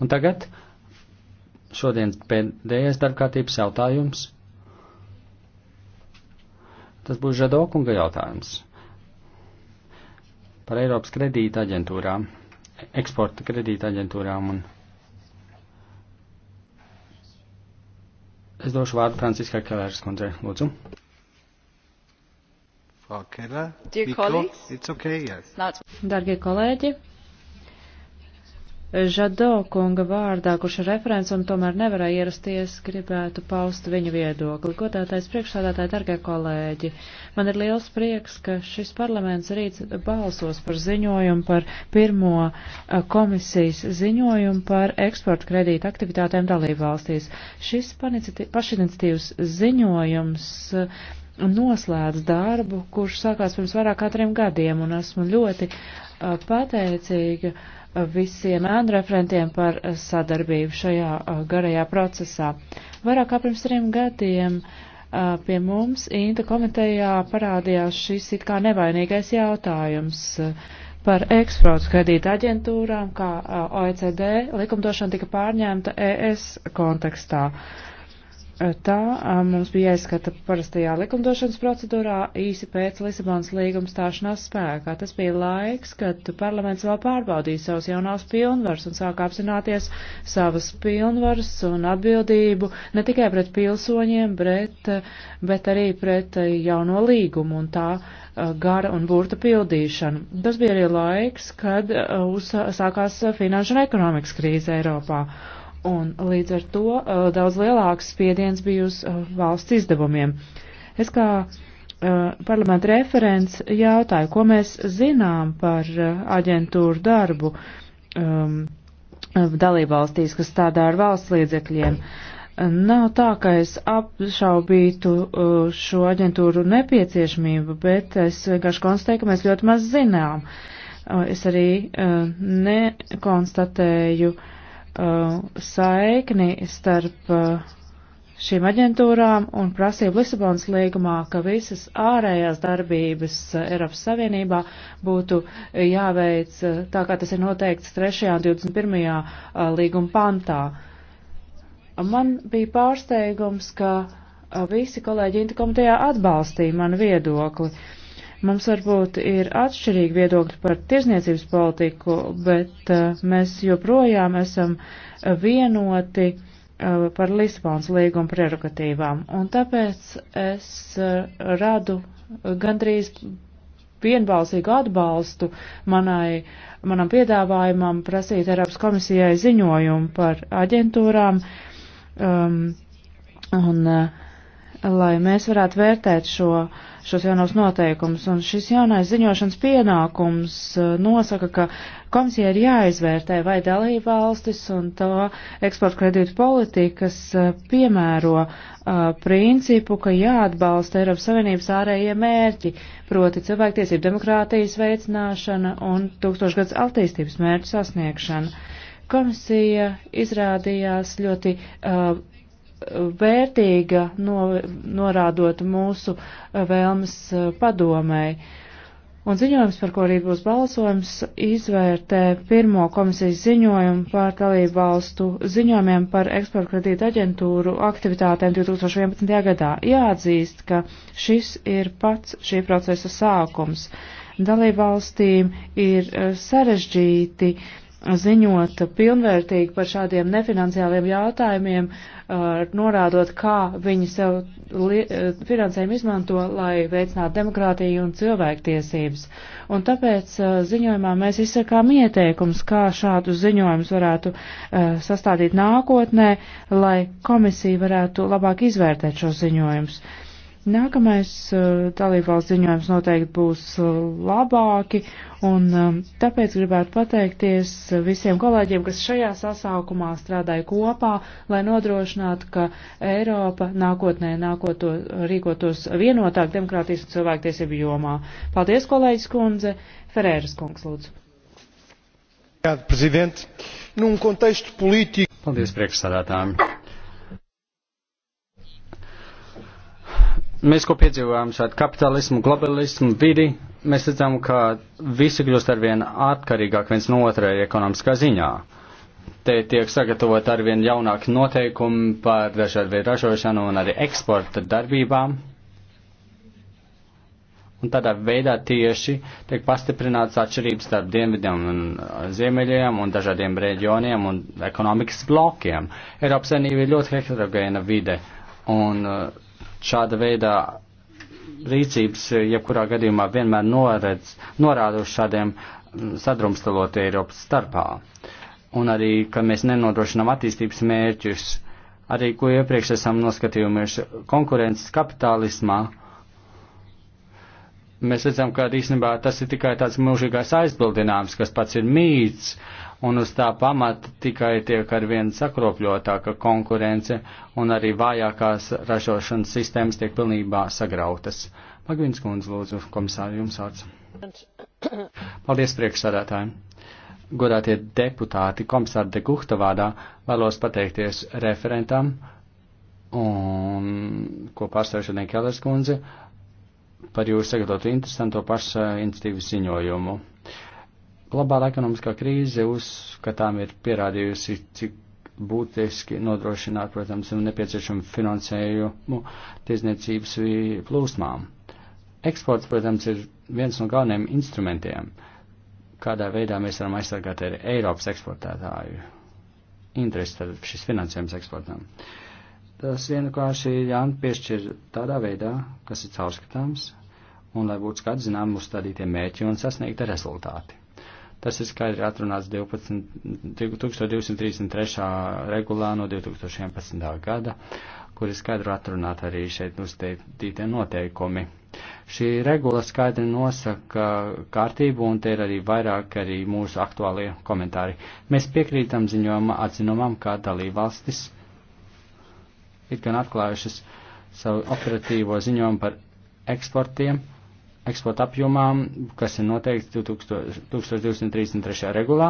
Un tagad šodienas pēdējais darbkārtības jautājums. Tas būs Žadokunga jautājums par Eiropas kredīta aģentūrām, eksporta kredīta aģentūrām un es došu vārdu Franciskai Kelērs kundzei. Lūdzu. Frau Keller, Dear Mikro, it's okay, yes. Dārgie kolēģi, Žado kunga vārdā, kurš ir referents un tomēr nevarēja ierasties, gribētu paust viņu viedokli. Godātais priekšsādātāji, dargie kolēģi, man ir liels prieks, ka šis parlaments rīt balsos par ziņojumu par pirmo komisijas ziņojumu par eksporta kredīta aktivitātēm dalību valstīs. Šis pašiniciatīvs ziņojums noslēdz darbu, kurš sākās pirms vairāk kā trim gadiem, un esmu ļoti uh, pateicīga visiem ēnreferentiem par sadarbību šajā garajā procesā. Vairāk kā pirms trim gadiem pie mums Inta komitejā parādījās šis it kā nevainīgais jautājums par eksportu skaidīt aģentūrām, kā OECD likumdošana tika pārņemta ES kontekstā. Uh, Tā mums bija jāizskata parastajā likumdošanas procedūrā īsi pēc Lisabonas līguma stāšanās spēkā. Tas bija laiks, kad parlaments vēl pārbaudīja savus jaunās pilnvaras un sāka apzināties savas pilnvaras un atbildību ne tikai pret pilsoņiem, bet, bet arī pret jauno līgumu un tā gara un burta pildīšanu. Tas bija arī laiks, kad uzsākās finanšu un ekonomikas krīze Eiropā un līdz ar to uh, daudz lielāks spiediens bija uz uh, valsts izdevumiem. Es kā uh, parlamenta referents jautāju, ko mēs zinām par uh, aģentūru darbu um, dalībvalstīs, kas tādā ar valsts līdzekļiem. Nav tā, ka es apšaubītu uh, šo aģentūru nepieciešamību, bet es vienkārši konstatēju, ka mēs ļoti maz zinām. Uh, es arī uh, nekonstatēju uh, uh, saikni starp uh, šīm aģentūrām un prasību Lisabonas līgumā, ka visas ārējās darbības uh, Eiropas Savienībā būtu jāveic uh, tā, kā tas ir noteikts 3. un 21. Uh, līguma pantā. Man bija pārsteigums, ka visi kolēģi Inta komitejā atbalstīja manu viedokli. Uh, Mums varbūt ir atšķirīgi viedokļi par tirzniecības politiku, bet uh, mēs joprojām esam uh, vienoti uh, par Lisbonas līguma prerogatīvām. Un tāpēc es uh, radu gandrīz vienbalsīgu atbalstu manai, manam piedāvājumam prasīt Eiropas komisijai ziņojumu par aģentūrām. Um, un, uh, lai mēs varētu vērtēt šo, šos jaunos noteikumus. Un šis jaunais ziņošanas pienākums uh, nosaka, ka komisija ir jāizvērtē, vai dalība valstis un to eksporta kredītu politikas uh, piemēro uh, principu, ka jāatbalsta Eiropas Savienības ārējie mērķi, proti cilvēktiesību demokrātijas veicināšana un tūkstošgads attīstības mērķu sasniegšana. Komisija izrādījās ļoti uh, vērtīga, no, norādot mūsu eh, vēlmes eh, padomēji. Un ziņojums, par ko arī būs balsojums, izvērtē pirmo komisijas ziņojumu par dalību valstu ziņojumiem par eksporta kredīta aģentūru aktivitātēm 2011. gadā. Jāatzīst, ka šis ir pats šī procesa sākums. Dalību valstīm ir eh, sarežģīti uh, ziņot pilnvērtīgi par šādiem nefinanciāliem jautājumiem, norādot, kā viņi sev finansējumu izmanto, lai veicinātu demokrātiju un cilvēktiesības. Un tāpēc ziņojumā mēs izsakām ieteikums, kā šādu ziņojumus varētu sastādīt nākotnē, lai komisija varētu labāk izvērtēt šos ziņojumus. Nākamais uh, dalībvalsts ziņojums noteikti būs uh, labāki, un um, tāpēc gribētu pateikties visiem kolēģiem, kas šajā sasaukumā strādāja kopā, lai nodrošinātu, ka Eiropa nākotnē nākoto, rīkotos vienotāk demokrātijas un cilvēktiesību jomā. Paldies, kolēģis kundze. Ferēras kungs, lūdzu. Paldies, priekšsādātājiem Mēs, ko piedzīvojām šādu kapitalismu, globalismu, vidi, mēs redzam, ka visi kļūst arvien atkarīgāk viens no otrē ekonomiskā ziņā. Te tiek sagatavot arvien jaunāki noteikumi par dažādu veidu ražošanu un arī eksporta darbībām. Un tādā veidā tieši tiek pastiprināts atšķirības starp dienvidiem un ziemeļiem un dažādiem reģioniem un ekonomikas blokiem. Eiropas Savienība ir ļoti heterogēna vide. Un uh, Šāda veidā rīcības jebkurā gadījumā vienmēr noredz, norāda uz šādiem mm, sadrumstalot Eiropas starpā. Un arī, ka mēs nenodrošinām attīstības mērķus, arī ko iepriekš esam noskatījumies konkurences kapitālismā mēs redzam, ka īstenībā tas ir tikai tāds mūžīgais aizbildinājums, kas pats ir mīts, un uz tā pamata tikai tiek ar vien sakropļotāka konkurence, un arī vājākās ražošanas sistēmas tiek pilnībā sagrautas. Magvins kundze, lūdzu, komisāri, jums vārds. Paldies priekšsādātājiem. Godātie deputāti, komisāri de Guhta vārdā vēlos pateikties referentam un ko pārstāvšanai Kellers kundze par jūsu sagatavotu interesanto paša eh, iniciatīvu ziņojumu. Globāla ekonomiskā krīze uzskatām ir pierādījusi, cik būtiski nodrošināt, protams, un nepieciešamu finansējumu tiesniecības plūsmām. Eksports, protams, ir viens no galvenajiem instrumentiem, kādā veidā mēs varam aizsargāt arī Eiropas eksportētāju interesi, tad šis finansējums eksportam. Uh, Tas vienkārši ir jāpiešķir tādā veidā, kas ir caurskatāms, un lai būtu skaidrs, zinām, uzstādītie mērķi un sasniegta rezultāti. Tas ir skaidri atrunāts 12, 1233. regulā no 2011. gada, kur ir skaidri atrunāt arī šeit uzteiktītie noteikumi. Šī regula skaidri nosaka kārtību, un te ir arī vairāk arī mūsu aktuālie komentāri. Mēs piekrītam ziņojuma atzinumam, kā dalībvalstis it gan atklājušas savu operatīvo ziņojumu par eksportiem, eksporta apjomām, kas ir noteikts 1233. regulā,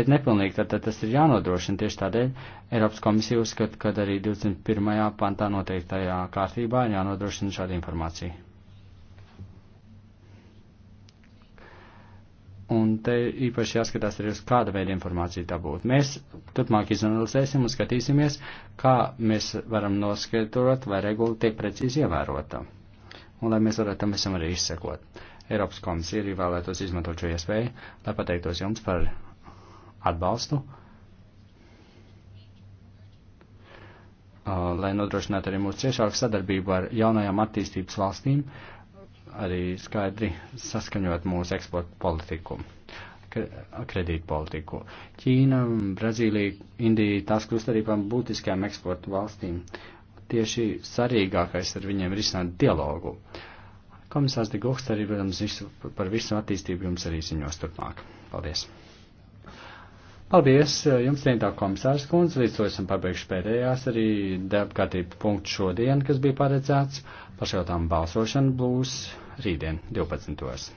bet nepilnīgi tad, tad tas ir jānodrošina. Tieši tādēļ Eiropas komisija uzskata, ka arī 21. pantā noteiktajā kārtībā ir jānodrošina šāda informācija. Un te īpaši jāskatās arī uz kāda veida informāciju tā būtu. Mēs turpmāk izanalizēsim un skatīsimies, kā mēs varam noskaidrot, vai regula tiek precīzi ievērota. Un lai mēs varētu tam visam arī izsekot. Eiropas komisija arī vēlētos izmantot šo iespēju, lai pateiktos jums par atbalstu, lai nodrošinātu arī mūsu ciešāku sadarbību ar jaunajām attīstības valstīm arī skaidri saskaņot mūsu eksporta politiku, kredītu politiku. Ķīna, Brazīlija, Indija, tās kļūst arī par būtiskajām eksporta valstīm. Tieši sarīgākais ar viņiem ir izsnāt dialogu. Komisārs de Gohs arī, protams, visu, par visu attīstību jums arī ziņos turpmāk. Paldies! Paldies eh, jums, cienītā komisārs kundze, līdz to esam pabeigšu pēdējās arī debgatīt punktu šodien, kas bija paredzēts. Pašautām balsošana būs rītdien 12.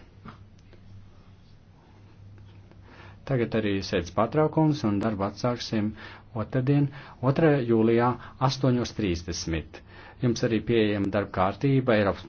Tagad arī sēdz pārtraukums un darbu atsāksim otrdien, 2. jūlijā 8.30. Jums arī pieejama darba kārtība Eiropas.